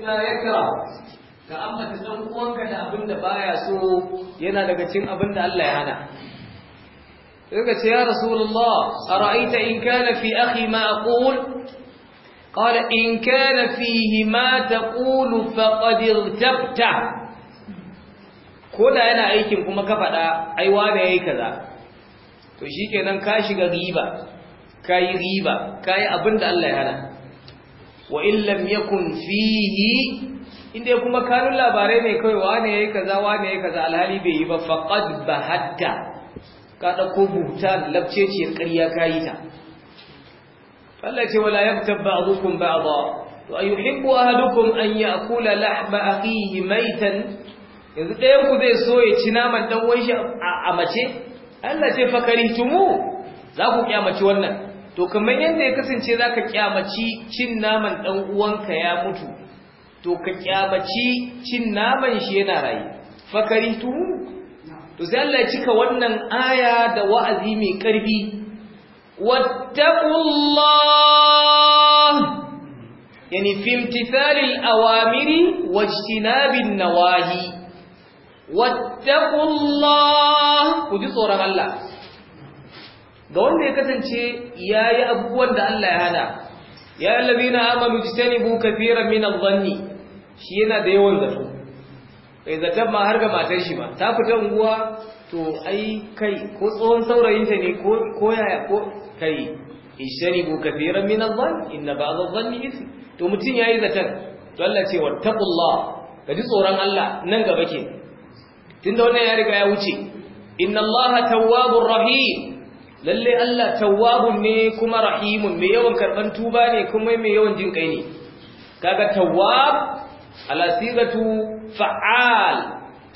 mimma yakra ka ambata dan uwanka da abin da baya so yana daga cikin abin da Allah ya hana ka ce ya Rasulullah, a ra'aita in kana fi akhi ma aqul? Qala in kana fihi ma taqulu faqad irtabta. Ko yana aikin kuma ka faɗa, ai wane yayi kaza. To shikenan ka shiga riba, yi riba, yi abin da Allah ya hana. wa illam yakun fihi inda kuma kanun labarai ne kai wane yayi kaza wane yayi kaza alhali bai yi ba faqad bahatta ka dauko buta labce ce ƙarya kayi ta Allah ce wala yaktab ba'dukum ba'dha wa yuhibbu ahadukum an ya'kula lahma akhihi maitan yanzu ɗayan ku zai so ya ci naman dan wanshi a mace Allah ce fakaritumu za ku kyamaci wannan to kamar yadda ya kasance za ka kyamaci cin naman ɗan uwanka ya mutu to ka kyamaci cin naman shi yana rayu fakari tuhu to sai Allah ya cika wannan aya da wa'azi mai ƙarfi wattaqullah yani fi imtithalil awamiri wajtinabin nawahi wattaqullah ku ji tsoron Allah ga wanda ya kasance ya yi abubuwan da Allah ya hada, ya labi na amalu jitanibu kafiran min adh zanni shi yana da yawan zato kai zaton ma har ga matar shi ba ta fita unguwa to ai kai ko tsohon saurayin ta ne ko ko yaya ko kai bu kafiran min zanni inna ba adh zanni isi to mutum ya yi zaton to Allah ce wattaqullah ka ji tsoron Allah nan gaba ke Tun da wannan ya riga ya wuce inna Allah tawwabur rahim lalle Allah tawwabun ne kuma rahimun mai yawan karban tuba ne kuma mai yawan jin kai ne kaga tawwab ala sigatu fa'al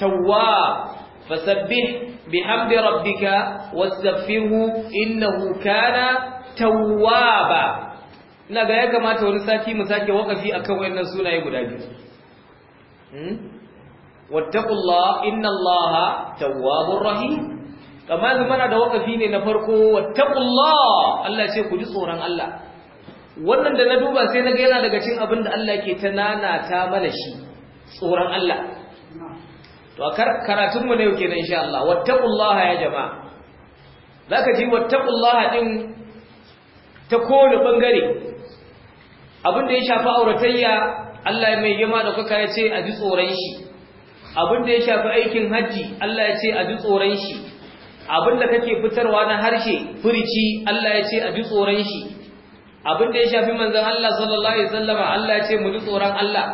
tawwab fasabbih bihamdi rabbika wastaghfirhu innahu kana tawwaba ina ga ya kamata wani sati mu sake wakafi akan wannan sunaye guda biyu hmm? wattaqullah innallaha tawwabur rahim amma yanzu mana da wakafi ne na farko wattaqullah Allah ce ku ji tsoron Allah wannan da na duba sai na ga yana daga cikin abin da Allah ke ta nanata mana shi tsoron Allah to a karatun mu ne yau kenan insha Allah wattaqullah ya jama'a zaka ji wattaqullah din ta kowane bangare abin da ya shafi auratayya Allah mai girma da kuka ya ce a ji tsoron shi abin da ya shafi aikin haji Allah ya ce a ji tsoron shi abinda kake fitarwa na harshe furici Allah ya ce a ji tsoron shi abinda ya shafi manzon Allah sallallahu alaihi wasallama Allah ya ce mu ji tsoron Allah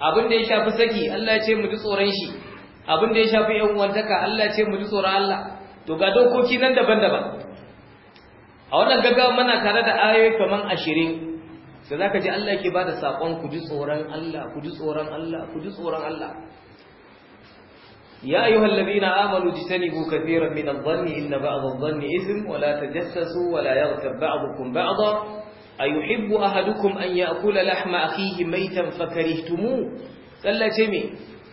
abinda ya shafi saki Allah ya ce mu ji tsoron shi abinda ya shafi yan uwantaka Allah ya ce mu ji tsoron Allah to ga dokoki nan daban-daban a wannan gaggawa muna tare da ayoyi kaman 20 sai zaka ji Allah yake bada sakon ku ji tsoron Allah ku ji tsoron Allah ku ji tsoron Allah يا أيها الذين آمنوا اجتنبوا كثيرا من الظن إن بعض الظن إثم ولا تجسسوا ولا يغتب بعضكم بعضا أيحب أحدكم أن يأكل لحم أخيه ميتا فكرهتموه قال جميع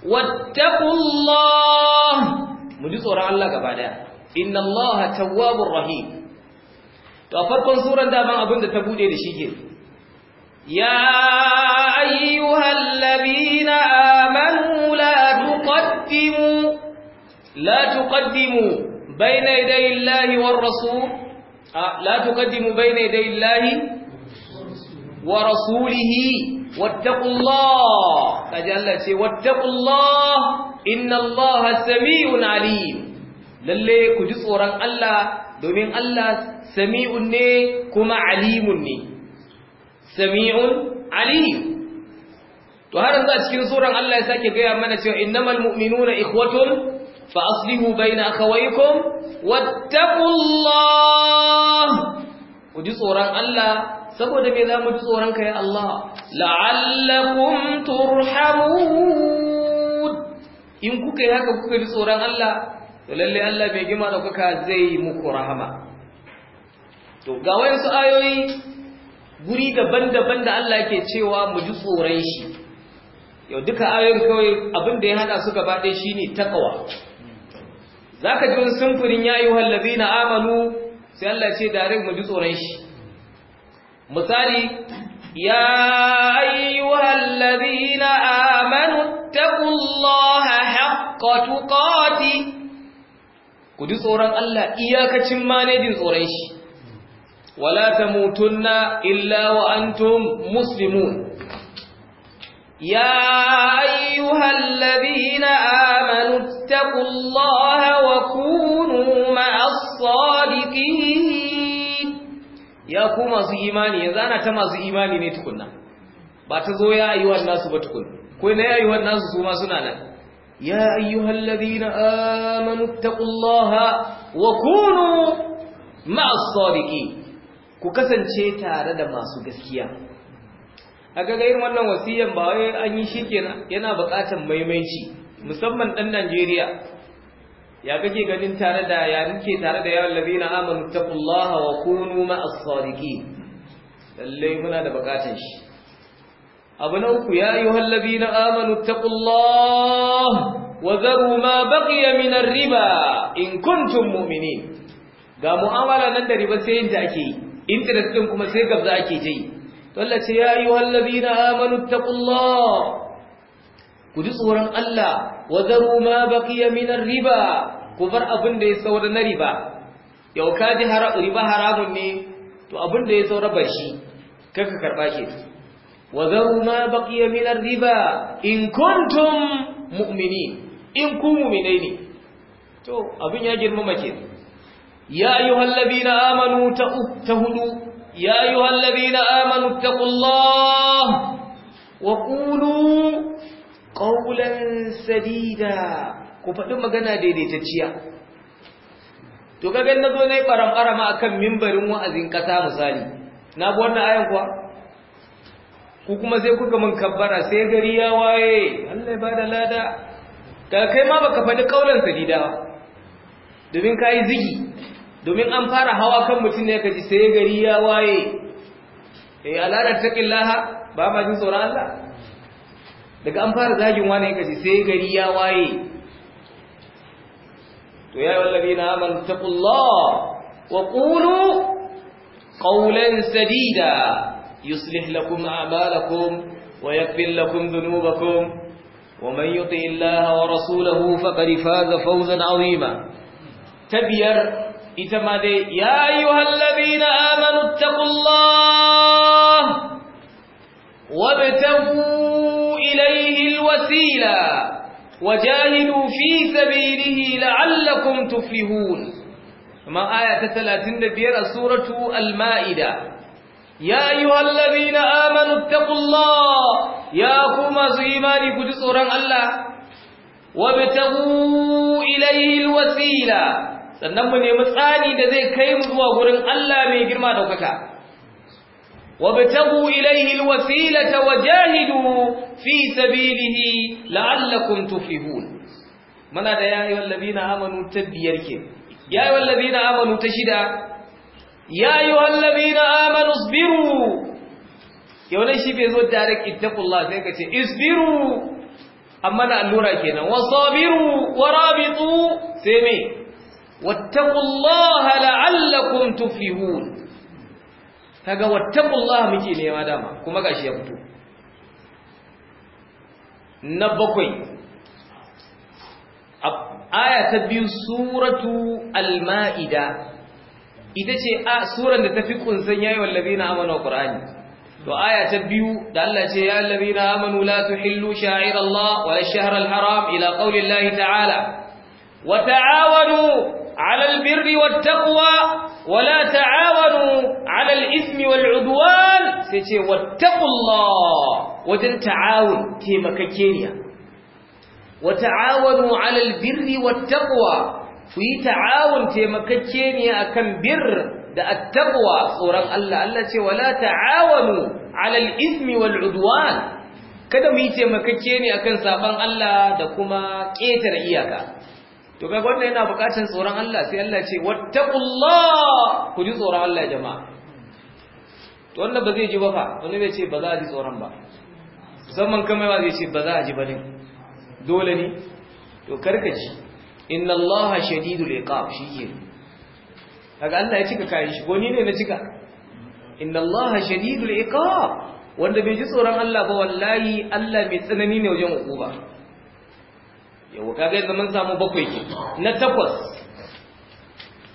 واتقوا الله مجلس وراء الله بعدها إن الله تواب رحيم to a farkon suran daman abin da ta bude da shi ke ya لا تقدموا بين يدي الله والرسول لا تقدموا بين يدي الله ورسوله واتقوا الله تجلى واتقوا الله إن الله سميع عليم lalle ku ji tsoron Allah domin Allah sami'un ne kuma alimun ne sami'un alim to har yanzu a cikin tsoron Allah ya sake gaya mana cewa innamal mu'minuna ikhwatun fa aslihu baina akhawaykum wattaqullah ku ji tsoron Allah saboda me za mu ji tsoron ka ya Allah la'allakum turhamun in kuka yi haka kuka ji tsoron Allah to lallai Allah mai gima da kuka zai muku rahama to ga wayansu ayoyi guri daban-daban da Allah ke cewa mu ji tsoron shi yau duka ayoyin kawai abinda ya hada su gaba ɗaya shine takawa za ka ji wani sumfurin ya yi wallazi na amanu sai Allah ce dare mu ji tsoron shi misali ya ayyuhal ladina amanu taqullaha haqqa tuqati ku ji tsoron Allah iyakacin manajin tsoron shi wala tamutunna illa wa antum muslimun يا أيها الذين آمنوا اتقوا الله وكونوا مع الصادقين يا كما إيماني إذا أنا كما إيماني نتكنا باتزو يا أيها الناس بتكن كون يا أيها الناس سوما سنانا يا أيها الذين آمنوا اتقوا الله وكونوا مع الصادقين ku kasance tare da masu gaskiya kaga ga irin wannan wasiyan ba wai an yi shikenan yana buƙatar maimaici musamman ɗan Najeriya ya kake ganin tare da ya nake tare da yawan labina amanu taqullaha wa kunu ma'as sadiqin lalle muna da buƙatar shi abu na uku ya yi labina amanu taqullaha wa zaru ma baqiya min riba in kuntum mu'minin ga mu'amala nan da riba sai yin ta ake yi interest din kuma sai gabza ake ta yi Allah ce ya ayyuhal ladina amanu taqullah ku ji tsoron Allah wa zaru ma baqiya min riba ku bar abin da ya saura na riba yau ka ji riba haramun ne to abin da ya saura ba shi kaka karba shi wa zaru ma baqiya min riba in kuntum mu'minin in ku mu'minai ne to abin ya girmama ke ya ayyuhal ladina amanu ta hudu يا أيها الذين آمنوا اتقوا الله وقولوا قولا سديدا كفتن مغانا ديديتتشيا to kaga na zo ne barambarama akan mimbarin wa'azin kasa misali na bi wannan ayan kuwa ku kuma sai kuka mun kabbara sai gari ya waye Allah ya bada lada ka kai ma baka faɗi kaulan sadida domin kayi ziki. domin an fara hawa kan mutum ne kaji sai gari ya waye eh alanar taqin laha ba ma jin tsoron Allah daga an fara zagin wani kaji sai gari ya waye to ya ayyuhal ladina amanu taqullaha wa qulu qawlan sadida yuslih lakum a'malakum wa yaghfir lakum dhunubakum ومن يطع الله ورسوله فقد فاز فوزا عظيما تبير ita ma dai ya ayyuhal ladina amanu taqullah wabtagu ilayhi alwasila wajahidu fi sabilihi la'allakum tuflihun kuma aya ta 35 a suratu al-ma'ida يا أيها الذين آمنوا اتقوا الله يا كما زيماني كجسورا الله وابتغوا إليه wasila. sannan mu nemi tsani da zai kai mu zuwa wurin Allah mai girma daukaka wabtagu ilayhi alwasilata wajahidu fi sabilihi la'allakum tuflihun mana da ya ayyuhal ladina amanu tabiyar ke ya ayyuhal ladina ta shida ya ayyuhal ladina amanu isbiru yawanci shi bai zo direct ittaqullah sai ka ce isbiru amma da allura kenan wasabiru warabitu sai me wattaqullaha la'allakum tuflihun kaga wattaqullaha muke nema dama kuma gashi ya fito na bakwai aya ta biyu suratu al-ma'ida ita ce a suran da tafi kunsan yayi wallazina amanu qur'ani to aya ta biyu da Allah ce ya allazina amanu la tuhillu sha'ira Allah wala shahra al-haram ila qawli Allah ta'ala wa ta'awanu على البر والتقوى ولا تعاونوا على الإثم والعدوان سيتي واتقوا الله وجن تعاون كيما كينيا وتعاونوا على البر والتقوى في تعاون كيما كينيا كم بر da attaqwa tsoron Allah Allah ce wala ta'awanu 'alal ismi wal 'udwan kada mu yi taimakake ne akan saban Allah da kuma ƙetare iyaka to kaga wannan yana buƙatar tsoron Allah sai Allah ce wattaqullah ku ji tsoron Allah jama'a to wannan ba zai ji ba fa wani bai ce ba za a ji tsoron ba musamman kamar ba zai ce ba za a ji ba ne dole ne to karkaci inna Allah shadidul iqab shike kaga Allah ya cika kayan shi goni ne na cika inna Allah shadidul iqab wanda bai ji tsoron Allah ba wallahi Allah mai tsanani ne wajen hukuma yau kaga yanzu mun samu bakwai ke na takwas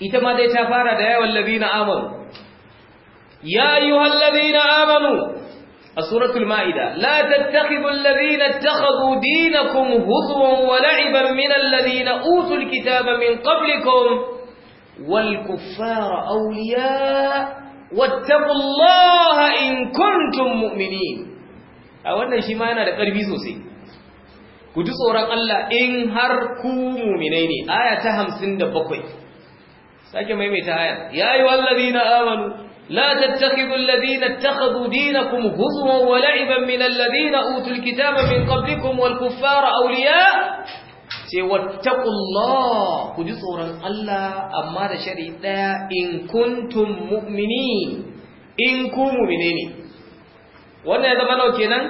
ita ma dai ta fara da yawan ladina amanu ya ayyuhal ladina amanu a suratul ma'ida la tattakhidul ladina ittakhadhu dinakum huzwan wa la'iban min alladhina utul kitaba min qablikum wal kuffara awliya wattaqu in kuntum mu'minin a wannan shi ma yana da ƙarfi sosai ku ji tsoron Allah in har ku mumine ne aya ta hamsin da bakwai sake maimaita aya ya yi wallazi na amanu la tattakidu allazi na takadu dinakum huzuwan wa la'iban min allazi na utul kitaba min qablikum wal kuffara awliya ce wattaqullah ku ji tsoron Allah amma da shari ɗaya in kuntum mu'mini in ku mumine wannan ya zama nawa kenan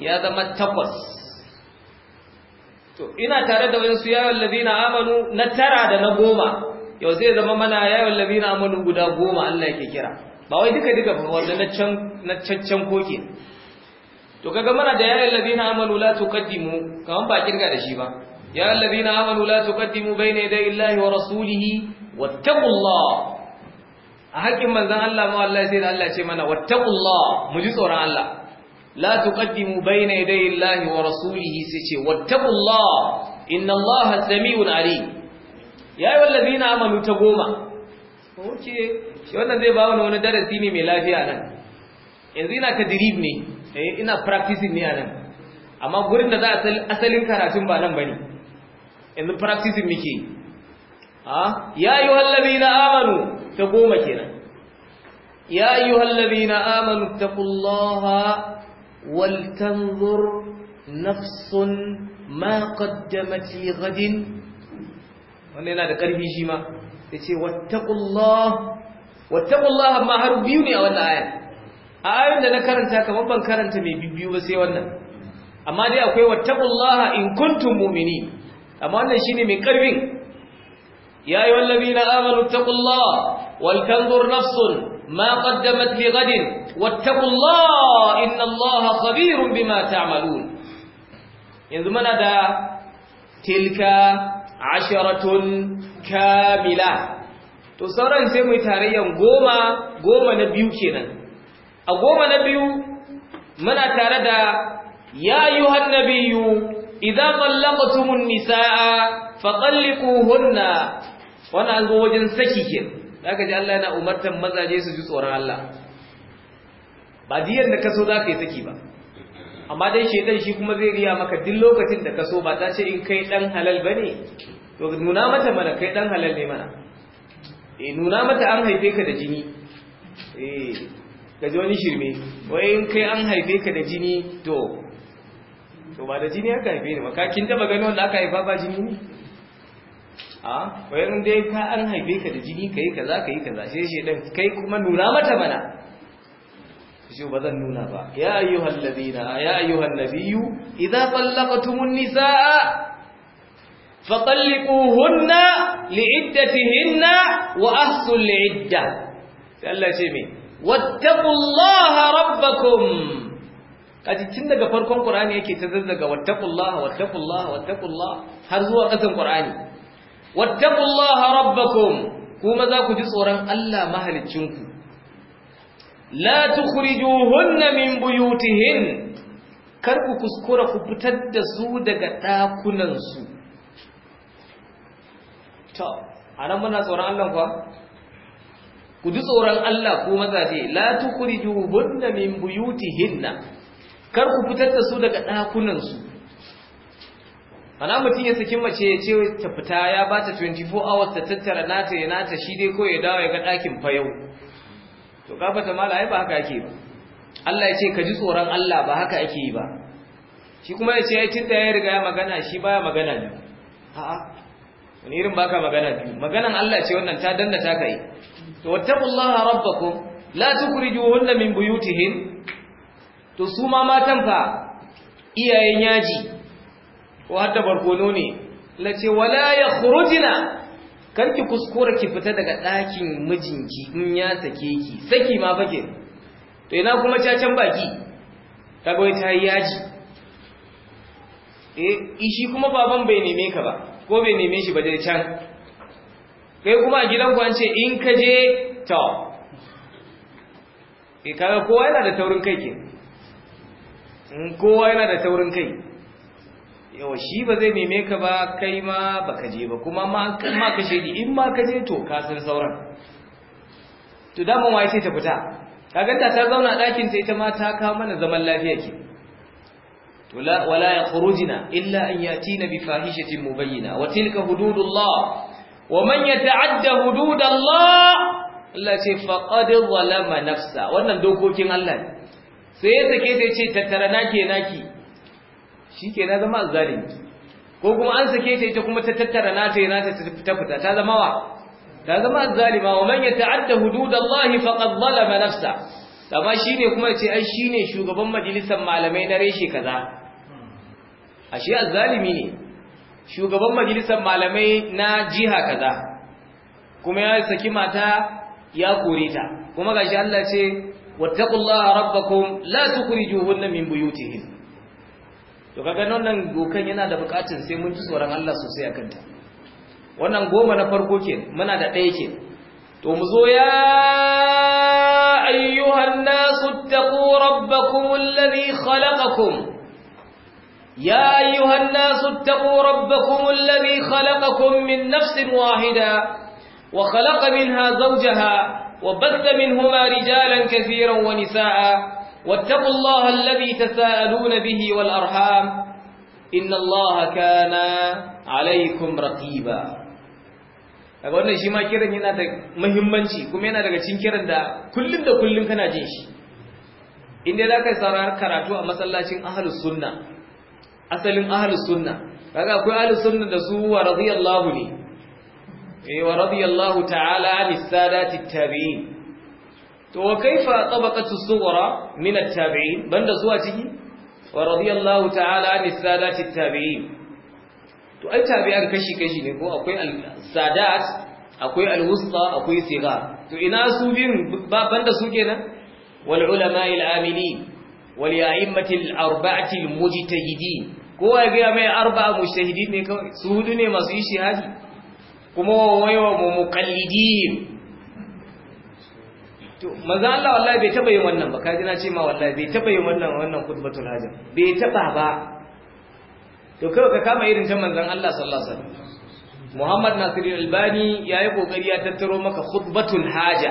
ya zama takwas to ina tare da su ya wallazina amanu na tara da na goma yau zai zama mana ya wallazina amanu guda goma Allah yake kira ba wai duka duka ba wanda na can na cancan koke to kaga mana da ya wallazina amanu la tuqaddimu kaman ba kirga da shi ba ya wallazina amanu la tuqaddimu bayna yaday illahi wa rasulihi wattaqullah a hakkin manzan Allah ma wallahi sai Allah ce mana wattaqullah mu ji tsoron Allah la tuqaddimu bayna yaday Allahi wa rasulihi sai ce wattaqullah inna Allaha samiun alim ya ayyuhal ladina amanu ta goma oke shi wannan zai ba wani wani darasi ne mai lafiya nan yanzu ina tadrib ne ina practicing ne anan amma gurin da za a asalin karatun ba nan bane yanzu practicing muke ha ya ayyuhal ladina amanu ta goma kenan يا أيها الذين آمنوا اتقوا الله ولتنظر نفس ما قدمت لغد wannan yana da ƙarfi shi ma ya ce wattakullah amma har biyu ne a wannan ayan a ayon da na karanta kamar ban karanta mai biyu ba sai wannan amma dai akwai wattakullah in kuntum mumini amma wannan shi ne mai ƙarfin يا أيها الذين آمنوا اتقوا الله ولتنظر نفس ما قدمت لغد واتقوا الله إن الله خبير بما تعملون إن ينظم ندى تلك عشرة كاملة تصار انسيم تاريا قوما قوما نبيو كينا أقوما نبيو من أتاردى يا أيها النبي إذا طلقتم النساء فطلقوهن wannan an zo wajen saki ke zaka ji Allah yana umartan mazaje su ji tsoron Allah ba diyan da kaso zaka yi saki ba amma dai shedan shi kuma zai riya maka duk lokacin da kaso ba ta ce in kai dan halal bane to nuna mata mana kai dan halal ne mana eh nuna mata an haife ka da jini eh ji wani shirme wai in kai an haife ka da jini to to ba da jini aka haife ne makakin taba gani wanda aka haifa ba jini ne a wayan dai ka an haife ka da jini kai kaza kai kaza sai shi dan kai kuma nuna mata mana shi ba zan nuna ba ya ayyuhal ladina ya ayyuhan nabiyyu idza tallaqtumun nisaa fatalliquhunna li'iddatihinna wa ahsul li'idda sai Allah ce me wattaqullaha rabbakum kaji tun daga farkon qur'ani yake ta zazzaga wattaqullaha wattaqullaha wattaqullaha har zuwa ƙasan qur'ani wattaqullaha rabbakum kuma za ku ji tsoron Allah mahaliccinku la tukhrijuhunna min buyutihin kar ku kuskura ku fitar da su daga dakunan su to anan muna tsoron Allah kuwa ku ji tsoron Allah ku mazaje la tukhrijuhunna min buyutihinna kar ku fitar da su daga dakunan su ana mutum ya sakin mace ya ce ta fita ya ba ta 24 hours ta tattara nata ya nata shi dai ko ya dawo ya ga ɗakin fa yau to ka fata mala ai ba haka ake ba Allah ya ce ka ji tsoron Allah ba haka ake yi ba shi kuma ya ce ya tunda ya riga ya magana shi baya magana ne a'a wani irin baka magana biyu maganan Allah ce wannan ta danna ta kai to wattaqullaha rabbakum la tukhrijuhunna min buyutihim to su ma matan fa iyayen yaji ko hatta barkono ne ce, wala ya khurujina karki kuskura ki fita daga ɗakin mijinki in ya sake ki saki ma fake to ina kuma cacan baki Ta wai ta yaji eh shi kuma baban bai neme ka ba ko bai neme shi ba dai can kai kuma a gidan an ce in ka je to E, eh, kaga kowa yana da taurin kai ke kowa yana da taurin kai yawa shi ba zai neme ka ba kai ma baka je ba kuma ma ka shaidi in ma ka je to ka san sauran to daman waye sai ta fita kaganta ta zauna a ɗakin ta ita ma ta kawo mana zaman lafiya ke to la wala yakhrujna illa an na bi fahishatin mubayyina wa tilka hududullah wa man yata'adda hududallah Allah ce faqad zalama nafsa wannan dokokin Allah sai ya sake ta ce tattara nake naki shi ke na zama azzalimi ko kuma an sake ta ita kuma ta tattara nata yana ta ta fita ta zama wa ta zama azzalima wa man ta'adda hududallahi faqad zalama nafsa amma shine kuma ya ce ai shine shugaban majalisar malamai na reshe kaza ashe azzalimi ne shugaban majalisar malamai na jiha kaza kuma ya saki mata ya kore ta kuma gashi Allah ce wattaqullaha rabbakum la tukhrijuhunna min buyutihin to kaga wannan dokan yana da bukatun sai mun ci tsoron Allah sosai akan kanta. wannan goma na farko ke muna da ɗaya ke to mu zo ya ayyuhan nasu taqu rabbakum alladhi khalaqakum wa أيها الناس اتقوا ربكم الذي خلقكم من نفس واحدة وخلق منها زوجها وبث منهما رجالا كثيرا ونساء واتقوا الله الذي تساءلون به والأرحام إن الله كان عليكم رقيبا daga wannan shi ma kiran yana da muhimmanci kuma yana daga cikin kiran da kullum da kullum kana jin shi inda za ka saurari karatu a masallacin ahlus sunna asalin ahlus sunna kaga akwai ahlus sunna da su wa radiyallahu ne eh wa radiyallahu ta'ala anis sadati tabi'in to wa kaifa tabaqatu sughra min at-tabi'in banda zuwa ciki wa radiyallahu ta'ala an sadati at-tabi'in to ai tabi'an kashi kashi ne ko akwai al-sadat akwai al-wusta akwai sigar to ina su bin banda su kenan wal ulama'il amilin wal ya'immatil arba'atil mujtahidin Ko ya gaya mai arba'a mujtahidin ne kawai su hudu ne masu ishihadi kuma wa mu muqallidin to manzo Allah wallahi bai taba yin wannan ba kaji na ce ma wallahi bai taba yin wannan wannan khutbatul hajj bai taba ba to kawai ka kama irin ta manzon Allah sallallahu alaihi wasallam Muhammad Nasir al-Albani yayi kokari ya tattaro maka khutbatul haja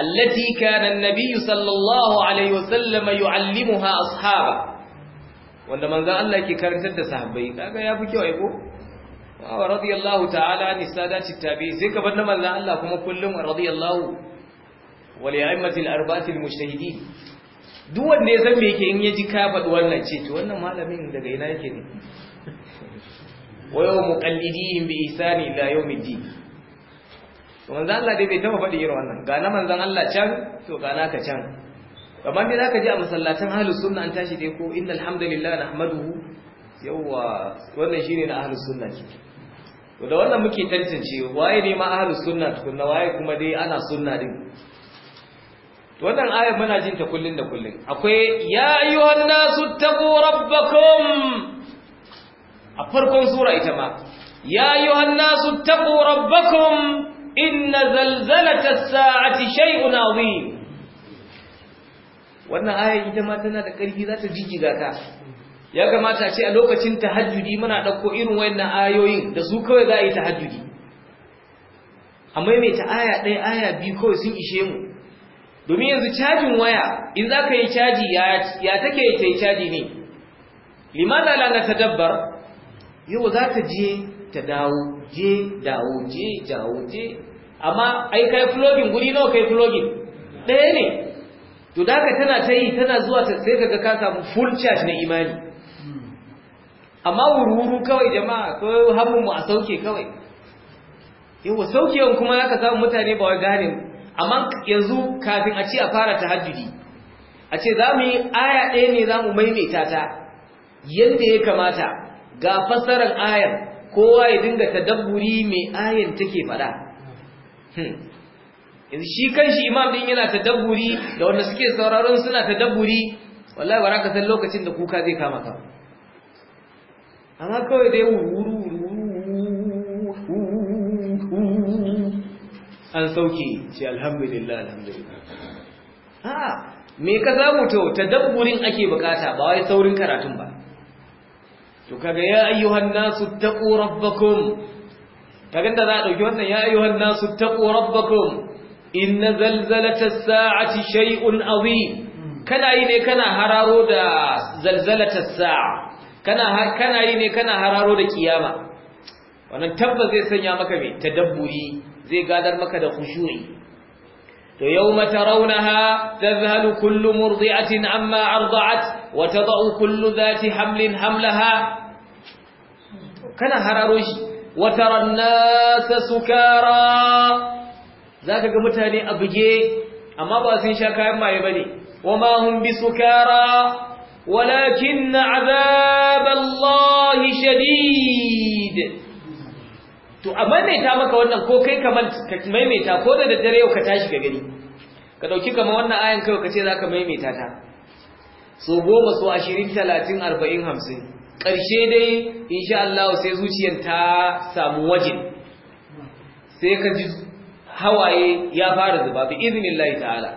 allati kana an-nabiy sallallahu alaihi wasallam yu'allimuha ashaba wanda manzon Allah yake karantar da sahabbai kaga yafi kyau ai ko wa radiyallahu ta'ala an sadati tabi'i sai ka bar manzon Allah kuma kullum radiyallahu wal ya'immatil arba'atil mujtahidin duk wanda ya san me yake in ya ji ka faɗi wannan ce to wannan malamin daga ina yake ne wa yau muqallidihim bi ihsani ila yawmiddin manzon Allah dai bai taba faɗi irin wannan ga na manzon Allah can to ga naka can amma me zaka ji a masallatan ahlus sunna an tashi dai ko innal hamdalillah nahmaduhu yawa wannan shine na ahlus sunna ce to da wannan muke tantance waye ne ma ahlus sunna tukunna waye kuma dai ana sunna din wannan ayar muna jin ta kullun da kullun akwai ya ayyuhan nasu taqu rabbakum a farkon sura ita ma ya ayyuhan nasu taqu rabbakum inna as sa'ati shay'un azim wannan ayar ita ma tana da ƙarfi za ta jijjiga ka ya kamata ce a lokacin tahajjudi muna ɗauko irin wayannan ayoyin da su kawai za a yi tahajjudi amma mai ta aya ɗaya aya biyu kawai sun ishe mu domin yanzu cajin waya in za ka yi caji ya take ta yi caji ne limana lana ta dabbar yau za ta je ta dawo je dawo je dawo je amma ai kai flogin guri nawa kai flogin ɗaya ne to da tana ta yi tana zuwa ta sai daga ka samu full charge na imani amma wuri-wuru kawai jama'a ko hamun mu a sauke kawai yau saukewan kuma ka samu mutane ba wai gane amma yanzu kafin a ce a fara tahajjudi a ce za mu yi aya ɗaya ne za mu maimaita ta yadda ya kamata ga fassarar ayar kowa ya dinga tadabburi mai ayan take faɗa hmm. yanzu shi shi imam din yana tadabburi da wanda suke sauraron suna tadabburi wallahi baraka san lokacin da kuka zai kama ka amma kawai dai wuru an sauke ce alhamdulillah alhamdulillah ha me ka samu to tadabburin ake bukata ba wai saurin karatun ba to kaga ya ayyuhan nasu taqu rabbakum kaga da za a dauki wannan ya ayyuhan nasu taqu rabbakum inna zalzalatas sa'ati shay'un azim kana yi ne kana hararo da zalzalatas sa'a kana kana yi ne kana hararo da kiyama wannan tabbas zai sanya maka me tadabburi zai gadar maka da khushu'i to yawma tarawnaha tadhhalu kullu murdi'atin amma arda'at wa tad'u kullu dhati hamlin hamlaha kana hararo shi wa taran nasa sukara zaka ga mutane a buge amma ba sun sha kayan maye bane wama hum bisukara walakin na Allah shadid to a maimaita maka wannan ko kai ka maimaita ko da daddare yau ka tashi ka gani ka dauki kamar wannan ayan kai ka ce ka maimaita ta so goma so ashirin talatin arba'in hamsin ƙarshe dai in sha Allah sai zuciyar ta samu waje sai ka ji hawaye ya fara zuba bi iznillahi ta'ala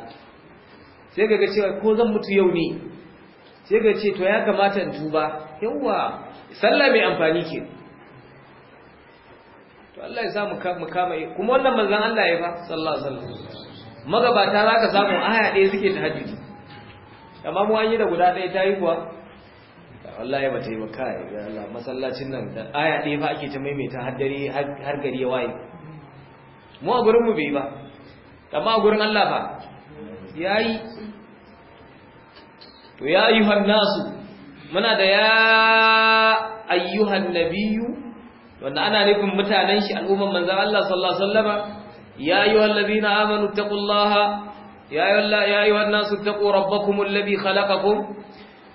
sai ka ga cewa ko zan mutu yau ne sai ka ce to ya kamata in tuba yawa sallah mai amfani ke to Allah ya samu mu kama kuma wannan manzon Allah ya fa sallallahu alaihi wasallam magabata za ka samu aya ɗaya suke da hajji amma mu an yi da guda ɗaya tayi kuwa Allah ya ta yi maka kai ya Allah masallacin nan da aya ɗaya fa ake ta maimaita har dare har gari ya waye mu a gurin mu bai ba amma a gurin Allah fa yayi to ya ayyuhan nasu muna da ya ayyuhan nabiyyu wanda ana nufin mutanen shi al'umman manzan Allah sallallahu alaihi wasallama ya ayyuhal ladina amanu taqullaha ya ayyuhan nasu taqu rabbakum alladhi khalaqakum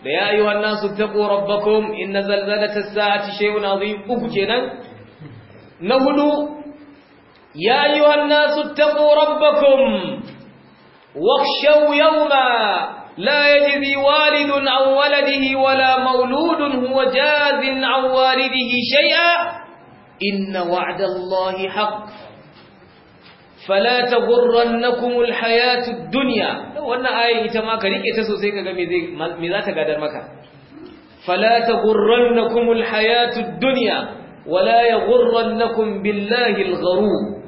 da ya ayyuhan nasu taqu rabbakum inna zalzalata as-sa'ati shay'un 'azim uku kenan na hudu ya ayyuhan nasu taqu rabbakum wakhshaw yawma لا يجزي والد عن ولده ولا مولود هو جاز عن والده شيئا إن وعد الله حق فلا تغرنكم الحياة الدنيا wannan ayi ita ma ka rike ta sosai kaga me zai me za ta gadar maka fala taghurrannakum alhayatud dunya wala yaghurrannakum billahi algharur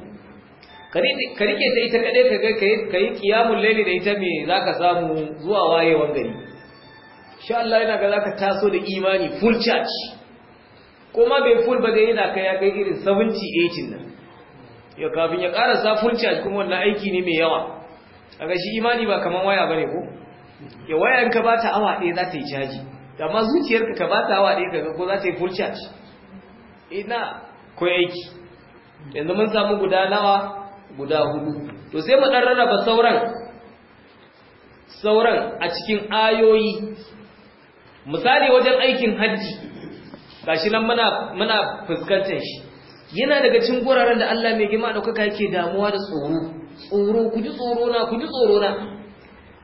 ka rike ta ita kade kaga kai qiyamul layli da ita me zaka samu zuwa wayewan gari insha Allah ina ga zaka taso da imani full charge kuma bai ful ba dai yana kai ya kai irin 70 80 nan ya kafin ya karasa full charge kuma wannan aiki ne mai yawa kaga shi imani ba kaman waya bane ko ya wayan ka bata awa ɗaya za ta yi caji amma zuciyarka ka bata awa ɗaya kaga ko za ta yi full charge ina ko aiki yanzu mun samu guda nawa guda hudu to sai mu dan rarraba sauran sauran a cikin ayoyi misali wajen aikin hajji gashi nan muna muna fuskantar shi yana daga cikin guraren da Allah mai girma daukaka yake damuwa da tsoro tsoro ku ji tsoro na ku ji tsoro na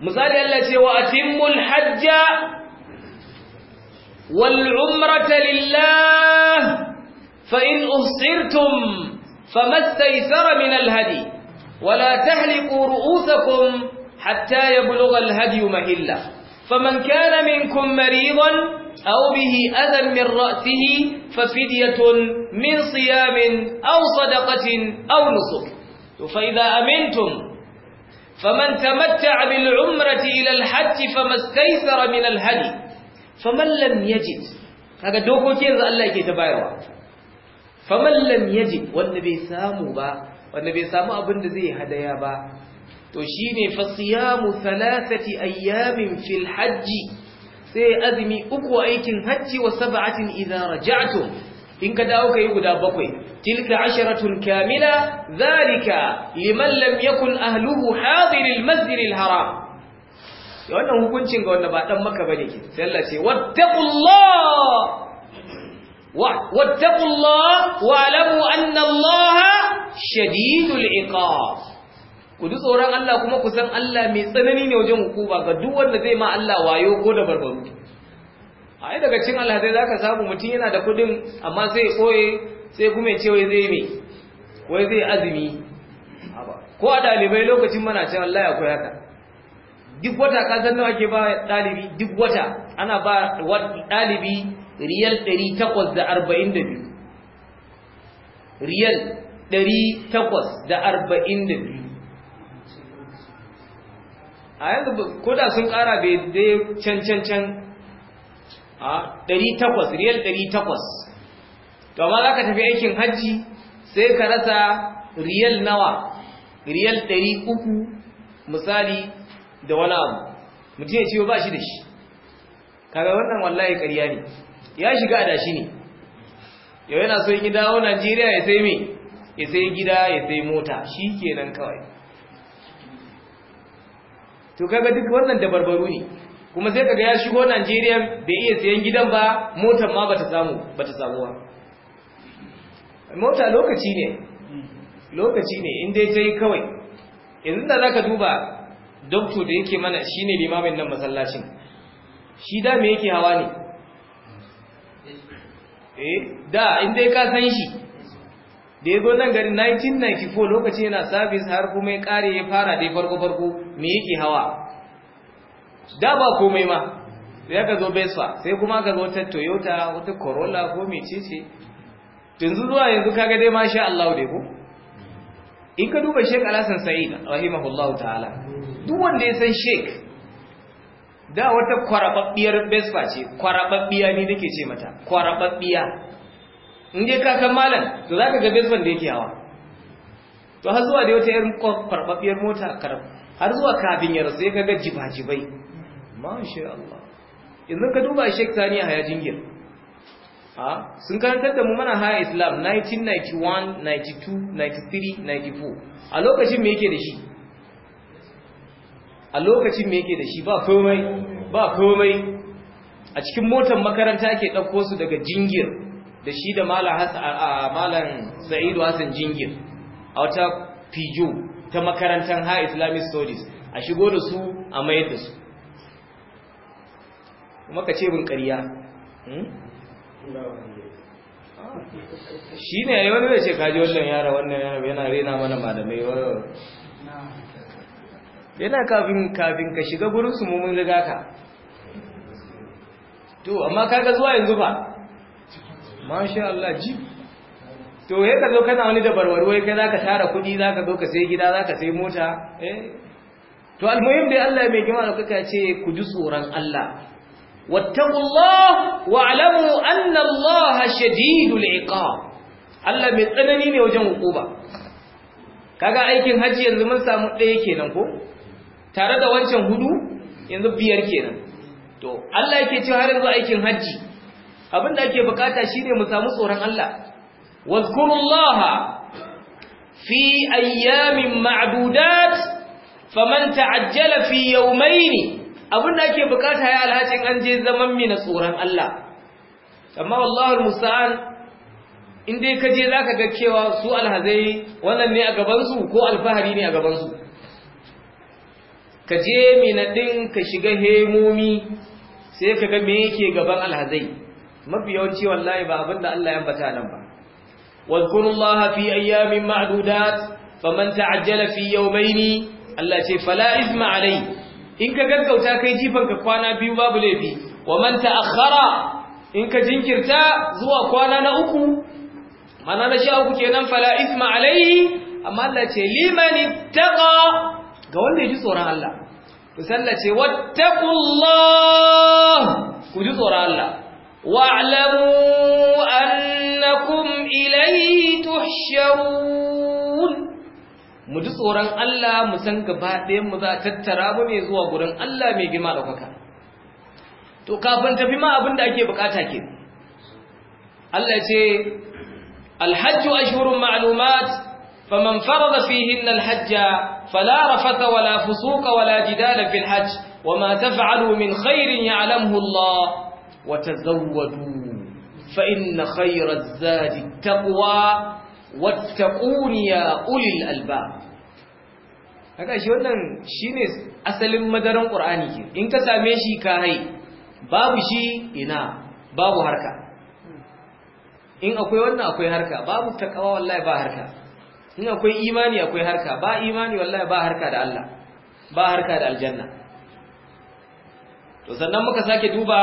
misali Allah ce wa hajja wal umrata lillah fa in usirtum famastaysara min al hadi wala tahliqu ru'usakum hatta yablugha al hadi mahilla faman kana minkum maridan أو به أذى من رأسه ففدية من صيام أو صدقة أو نسك فإذا أمنتم فمن تمتع بالعمرة إلى الحج فما استيسر من الهدي فمن لم يجد هذا دوكو كيف الله يكي تبايروا فمن لم يجد والنبي سامو با والنبي سامو أبن ذي هدايا با to shine fa siyamu thalathati ayyamin fil hajji sai azumi uku aikin hajji wa saba'atin idza raja'tum in ka dawo yi guda bakwai tilka asharatun kamila zalika liman lam yakun ahluhu hadiril masjidil haram wannan hukuncin ga wanda ba dan maka bane ke sai Allah ce wattaqullah wattaqullah wa alamu anna Allah shadidul iqab ku ji tsoron Allah kuma ku san Allah mai tsanani ne wajen hukuma ga duk wanda zai ma Allah wayo ko da barbaru a yi daga cin Allah zai za ka samu mutum yana da kudin amma sai koye sai kuma ce wai zai mai wai zai azumi ko a ɗalibai lokacin mana cewa, Allah ya koya ka duk wata ka san nawa ke ba ɗalibi duk wata ana ba ɗalibi riyal ɗari takwas da arba'in da biyu riyal ɗari takwas da arba'in da biyu a yanzu ko da sun ƙara bai dai can can can a 800 riyal 800 to amma za ka tafi aikin hajji sai ka rasa riyal nawa riyal 300 misali da wani abu mutum ya ce ba shi da shi kaga wannan wallahi karya ne ya shiga dashi ne yau yana so yi wa najeriya ya sai me ya sai gida ya sai mota shi kenan kawai to kaga duk wannan dabarbaru ne kuma sai kaga ya shigo Najeriya bai iya sayan gidan ba motar ma bata samu bata samuwa mota lokaci ne lokaci ne in dai tayi kawai yanzu da zaka duba doctor da yake mana shine limamin nan masallacin shi da me yake hawa ne eh da in dai ka san shi da ya zo nan gari 1994 lokacin yana sabis har kuma ya kare ya fara dai farko-farko me yake hawa da ba komai ma ya ka zo beswa sai kuma ka zo ta toyota wata corolla ko ce. tunzu zuwa yanzu kaga dai ma sha Allah dai ko in ka duba Sheikh Alhassan Sa'id rahimahullahu ta'ala duk wanda ya san Sheikh da wata kwarababbiyar beswa ce kwarababbiya ne nake ce mata kwarababbiya in dai ka san malam to zaka ga basement da yake hawa to har zuwa da wata irin farfabbiyar mota karab har zuwa kafin ya rasu ya kaga jibajibai masha Allah yanzu ka duba Sheikh Sani Haya Jingir ha sun karantar da mu mana haya Islam 1991 92 93 94 a lokacin me yake da shi a lokacin me yake da shi ba komai ba komai a cikin motar makaranta ake ɗauko su daga jingir da shi da malam sa'idu hassan jingir a wata fijo ta makarantar high islamic studies a shigo da su a mayar da su kuma ka ce bin kariya hmm? shi ne wani zai ce kaji wannan yara wannan yara yana rena mana malamai yana kafin kafin ka shiga gurin su mummun riga ka to amma kaga zuwa yanzu ba masha Allah ji to he ka zo kana wani da barwaro kai zaka tara kudi zaka zo ka sai gida zaka sai mota eh to almuhim dai Allah mai girma da kuka ce ku ji tsoron Allah wattaqullah wa'lamu anna Allah shadidul iqab Allah mai tsanani ne wajen hukuma kaga aikin hajji yanzu mun samu ɗaya kenan ko tare da wancan hudu yanzu biyar kenan to Allah yake cewa har yanzu aikin hajji. abin da ake bukata shine mu samu tsoron Allah wadhkurullaha fi ayyamin ma'dudat faman ta'ajjala fi yawmayn abin da ake bukata ya alhajin an je zaman mi na tsoron Allah amma wallahi almusta'an in dai ka je zaka ga cewa su alhazai wannan ne a gaban su ko alfahari ne a gaban su ka je din ka shiga hemomi sai ka ga me yake gaban alhazai mafi yawanci wallahi ba abinda Allah ya bata nan ba wadhkurullaha fi ayyamin ma'dudat faman ta'ajjala fi yawmayn Allah ce fala isma alai in ka gaggauta kai jifan ka kwana biyu babu laifi waman ta'akhkhara in ka jinkirta zuwa kwana na uku mana na sha uku kenan fala isma alai amma Allah ce liman ittaqa ga wanda ya ji tsoron Allah to sallace wattaqullah ku ji tsoron Allah واعلموا أنكم إليه تحشرون mu ji tsoron Allah mu san gaba ɗayan mu za tattara mu mai zuwa gurin Allah mai girma da kwaka to kafin tafi ma abin da ake bukata ke Allah ce alhajju ashhurun ma'lumat فمن فرض فيهن الحج فلا رفث ولا فسوق ولا جدال في الحج وما تفعلوا من خير يعلمه الله وتزودوا فإن خير الزاد التقوى واتقون يا أولي الألباب haka shi wannan shi ne asalin madaran ƙur'ani. ke in ka same shi ka hai babu shi ina babu harka in akwai wannan akwai harka babu takawa wallahi ba harka in akwai imani akwai harka ba imani wallahi ba harka da Allah ba harka da aljanna to sannan muka sake duba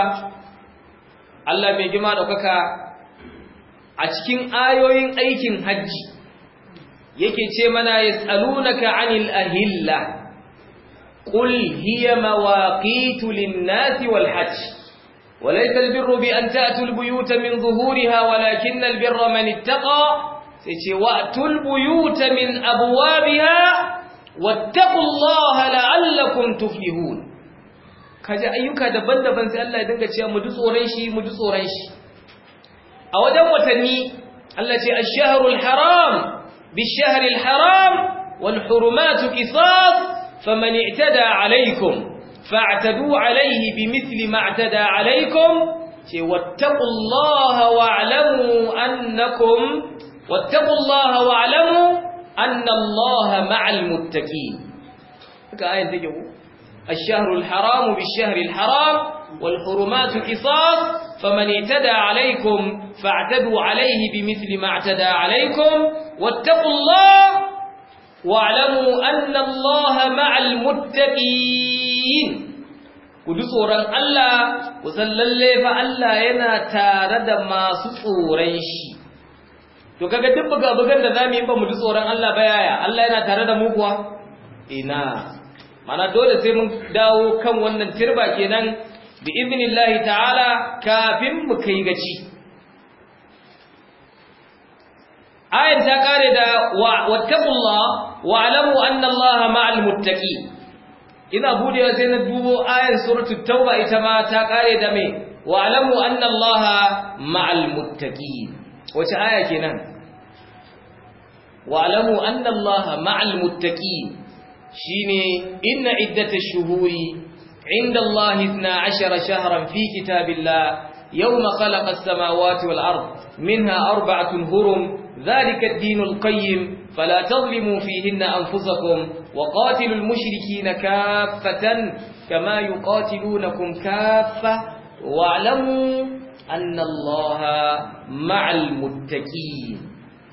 Allah mai gima ɗaukaka a cikin ayoyin aikin hajji yake ce mana ya tsalunaka an il’ahilla ƙul hiya mawaƙitulin nasi wal hajji walai talbirru bi an ta tulbuyuta min zuhuri ha walakin nalbirra mani taƙa ce wa tulbuyuta min abuwa biya wa taƙun la’allakun tufihun kaji ayyuka daban-daban sai Allah ya dinga cewa mu ji tsoron shi mu ji tsoron shi a wajen watanni Allah ce ash-shahrul haram bish-shahril haram wal hurumatu qisas faman i'tada alaykum fa'tadu alayhi bimithli ma i'tada alaykum ce wattaqullaha wa'lamu annakum wattaqullaha wa'lamu anna Allaha ma'al muttaqin haka ayin take ku الشهر الحرام بالشهر الحرام والحرمات قصاص فمن اعتدى عليكم فاعتدوا عليه بمثل ما اعتدى عليكم واتقوا الله واعلموا أن الله مع المتقين كل صورا ألا وصلى الله فألا ينا تارد ما صوريش to kaga duk buga bugan da zamu yi ba mu ji tsoron Allah ba mana dole sai mun dawo kan wannan tirba kenan bi ibnillahi ta'ala kafin mu kai gaci ayat ta kare da wattaqullah wa'lamu anna allaha ma'al muttaqi ina budewa sai na dubo ayat suratul tauba ita ma ta kare da me wa'lamu anna allaha ma'al muttaqi wace aya kenan wa'lamu anna allaha ma'al muttaqi shi ne inna iddata shuhuri inda Allah na ashirar shaharar fi kitabilla yau makala kasama wata wal'ar min ha arba a tunhurum zarika dinul kayyim falatallimu fi hinna an fusakon wa ƙatilul mushiriki na kafatan kama yi na kun kafa wa alamu annallaha ma'almuttaki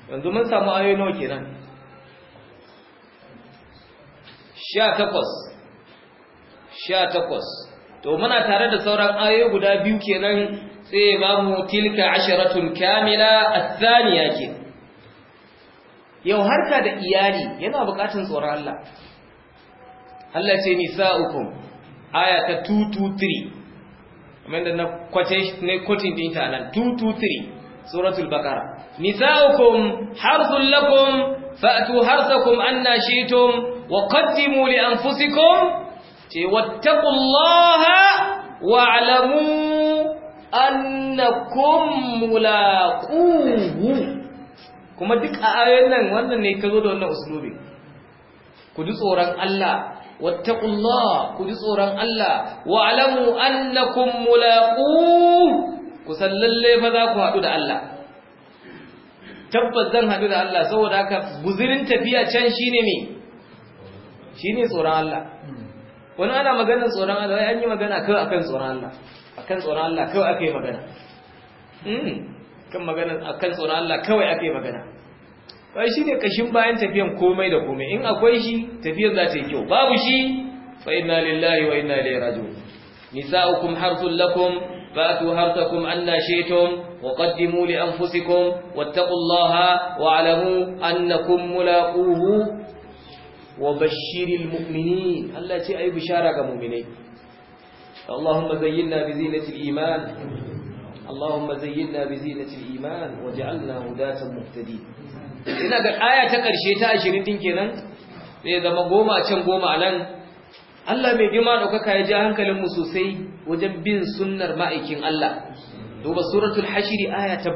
yanzu mun samu ayo nawa kenan sha takwas sha takwas to muna tare da sauran ayoyi guda biyu kenan sai ba mu tilka asharatun kamila athaniya ke yau harka da iyali yana bukatun tsoron Allah Allah ce nisa'ukum aya ta 223 kamar da na kwace ne kotin din ta nan 223 suratul baqara nisa'ukum harzul lakum fa'tu harzakum anna shi'tum wa qaddimu li anfusikum ce wattaqullaha wa'lamu annakum mulaquhu kuma duk a ayoyin nan wannan ne ka zo da wannan uslubi ku ji tsoron Allah wattaqullah ku ji tsoron Allah wa'lamu annakum mulaquhu ku san lalle fa za ku haɗu da Allah tabbas zan haɗu da Allah saboda haka guzirin tafiya can shine me ne tsoron Allah wani ana maganar tsoron Allah an yi magana kawai akan tsoron Allah akan tsoron Allah kawai aka yi magana hmm, kan magana akan tsoron Allah kawai aka yi magana wai shine kashin bayan tafiyan komai da komai in akwai shi tafiyar za ta yi kyau babu shi fa inna lillahi wa inna ilaihi raji'un nisa'ukum harthul lakum fa'tu harthakum anna shi'tum wa qaddimu li anfusikum wattaqullaha wa'lamu annakum mulaquhu wa bashiril mu'minin Allah ce ayi bishara ga mu'minai Allahumma zayyinna bi zinatil iman Allahumma zayyinna bi zinatil iman waj'alna hudatan muhtadin ina ga aya ta karshe ta 20 din kenan zai zama goma can goma nan Allah mai girma daukaka ya ji hankalin mu sosai wajen bin sunnar ma'aikin Allah duba suratul hashiri aya ta 7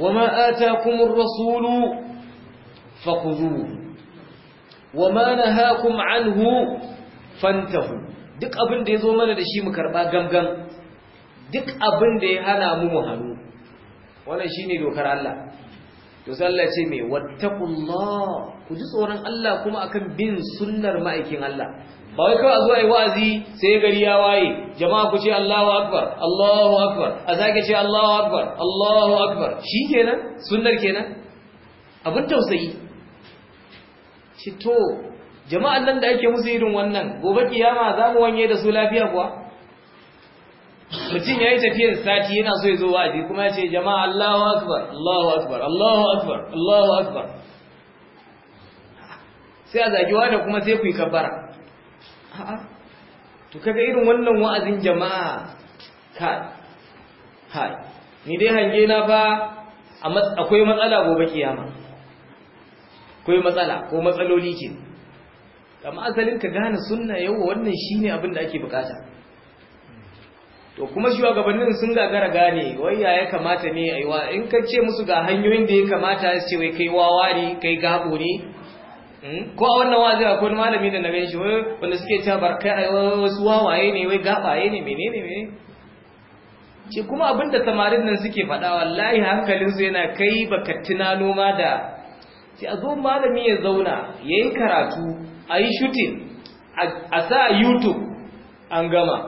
وما آتاكم Rasulu. fakuzuhu wa ma nahakum anhu fantahu duk abin da yazo mana da shi mu karba gangan duk abin da ya hana mu mu hanu wannan shine dokar Allah to sai Allah ce me wattaqullah ku ji tsoron Allah kuma akan bin sunnar ma'aikin Allah ba wai kawai a zo a yi wa'azi sai gari ya waye jama'a ku ce Allahu akbar Allahu akbar a zage ce Allahu akbar Allahu akbar shikenan sunnar kenan abin tausayi cito jama'an nan da ake musu irin wannan gobe kiyama za mu wanye da su lafiya kuwa mutum ya yi tafiyar sati yana so ya zo wa'azi kuma ya ce jama'a Allahu akbar Allahu akbar Allahu akbar Allahu akbar sai a zagi da kuma sai ku yi kabbara a'a to kaga irin wannan wa'azin jama'a ka hai ni dai hange na fa akwai matsala gobe kiyama akwai matsala ko matsaloli ke amma asalin ka gane sunna yau wannan shine abin da ake bukata to kuma shugabannin sun gagara gane wai ya ya kamata ne aiwa in ka ce musu ga hanyoyin da ya kamata su ce wai kai wawa ne kai gabo ne hmm? ko a wannan wazi akwai malami da na gan shi wanda suke cewa barkai wasu wawaye ne wai gabaye ne menene menene ce kuma abinda samarin nan suke faɗa wallahi hankalinsu yana kai baka tunano ma da sai a zo malami ya zauna ya yi karatu a yi shooting a sa a youtube an gama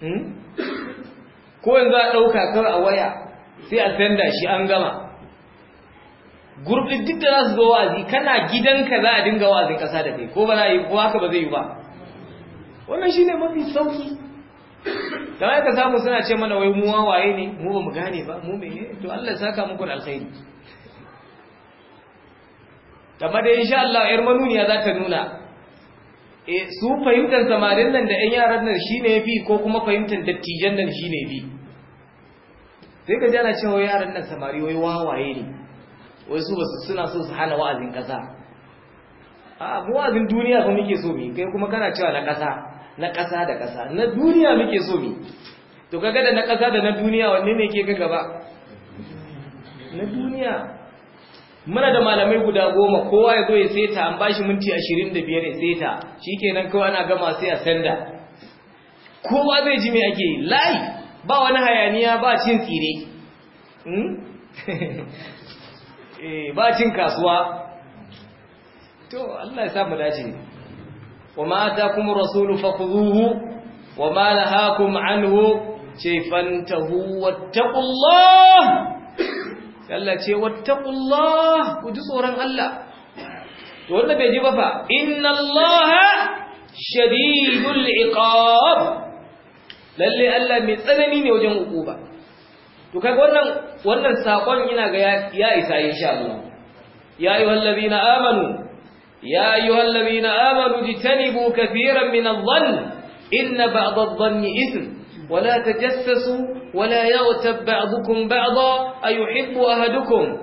hmm? ko yanzu a ɗauka kawai a waya sai a sanda shi an gama gurbin duk da za su zo wa'azi kana gidanka za a dinga wazin ƙasa da kai ko ba na yi ko haka ba zai yi ba wannan shi ne mafi sauki da ka samu suna ce mana wai muwa waye ne mu ba mu gane ba mu mene to Allah ya saka muku da alkhairi kamar da insha Allah yar manuniya za ta nuna Eh su fahimtar samarin nan da ƴan yaran nan shine bi ko kuma fahimtar dattijan nan shine bi sai ka jana cewa yaran nan samari wai wawaye ne wai su basu suna so su hana wa'azin ƙasa a mu wa'azin duniya fa muke so mi kai kuma kana cewa na ƙasa na ƙasa da ƙasa na duniya muke so mi to kaga da na ƙasa da na duniya wanne ne ke ka gaba na duniya muna da malamai guda goma kowa ya zo ya seta an ba shi minti ashirin da biyar ya seta nan kawai ana gama sai a sanda kowa zai ji me ake layi ba wani hayaniya ba cin tsire hmm? eh, ba cin kasuwa to Allah ya samu dace wa ma kuma rasulu fakhuduhu wa ma lahakum anhu ce fantahu wattaqullah Allah ce wattaqullah ku ji tsoron Allah to wanda bai ji ba fa inna Allah shadidul iqab lalle Allah mai tsanani ne wajen hukuma to kai wannan wannan sakon ina ga ya isa insha Allah ya ayyuhallazina amanu يا أيها الذين آمنوا اجتنبوا كثيرا من الظن إن بعض الظن إثم ولا تجسسوا ولا يغتب بعضكم بعضا أيحب أهدكم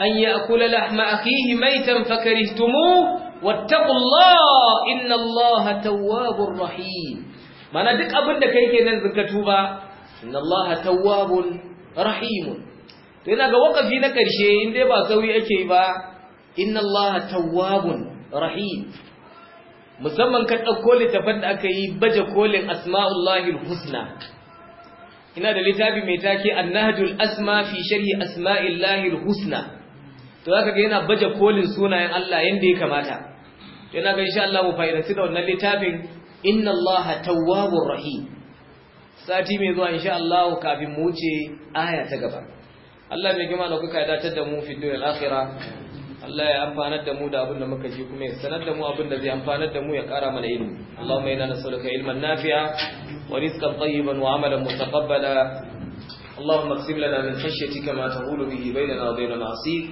أن يأكل لحم أخيه ميتا فكرهتموه واتقوا الله إن الله تواب رحيم mana duk abinda da kai kenan zaka tuba inna allaha tawwabun rahim to yana ga wakafi na karshe in dai ba sauri ake ba inna allaha tawwabun rahim musamman ka dauko littafin da aka yi baje kolin asma'ullahi husna ina da littafi mai take annahjul asma fi sharhi asma'illahi husna to zaka ga yana baje kolin sunayen Allah yanda ya kamata yana ga insha Allah mu fa'idanci da wannan littafin inna Allaha tawwabur rahim sati mai zuwa insha Allah kafin mu wuce aya ta gaba Allah mai gima da kuka ya datar da mu fi duniyar akhirah Allah ya amfanar da mu da abin da muka ji kuma ya sanar da mu abin da zai amfanar da mu ya ƙara mana ilimi Allahumma inna nas'aluka ilman nafi'a wa rizqan tayyiban wa amalan mutaqabbala اللهم اقسم لنا من خشيتك ما تقول به بيننا وبين معصيك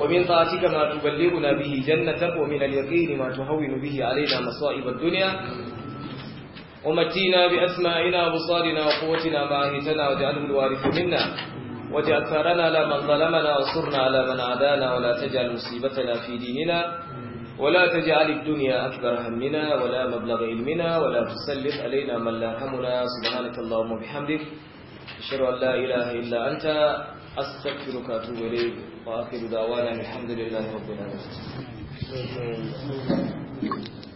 ومن طاعتك ما تبلغنا به جنتك ومن اليقين ما تهون به علينا مصائب الدنيا ومتينا بأسمائنا وبصارنا وقوتنا ما أهيتنا واجعله الوارث منا واجعل ثارنا على من ظلمنا وانصرنا على من عادانا ولا تجعل مصيبتنا في ديننا ولا تجعل الدنيا أكبر همنا ولا مبلغ علمنا ولا تسلط علينا من لا همنا سبحانك اللهم وبحمدك أشهد أن لا إله إلا أنت أستغفرك وأتوب إليك وآخر دعوانا الحمد لله رب العالمين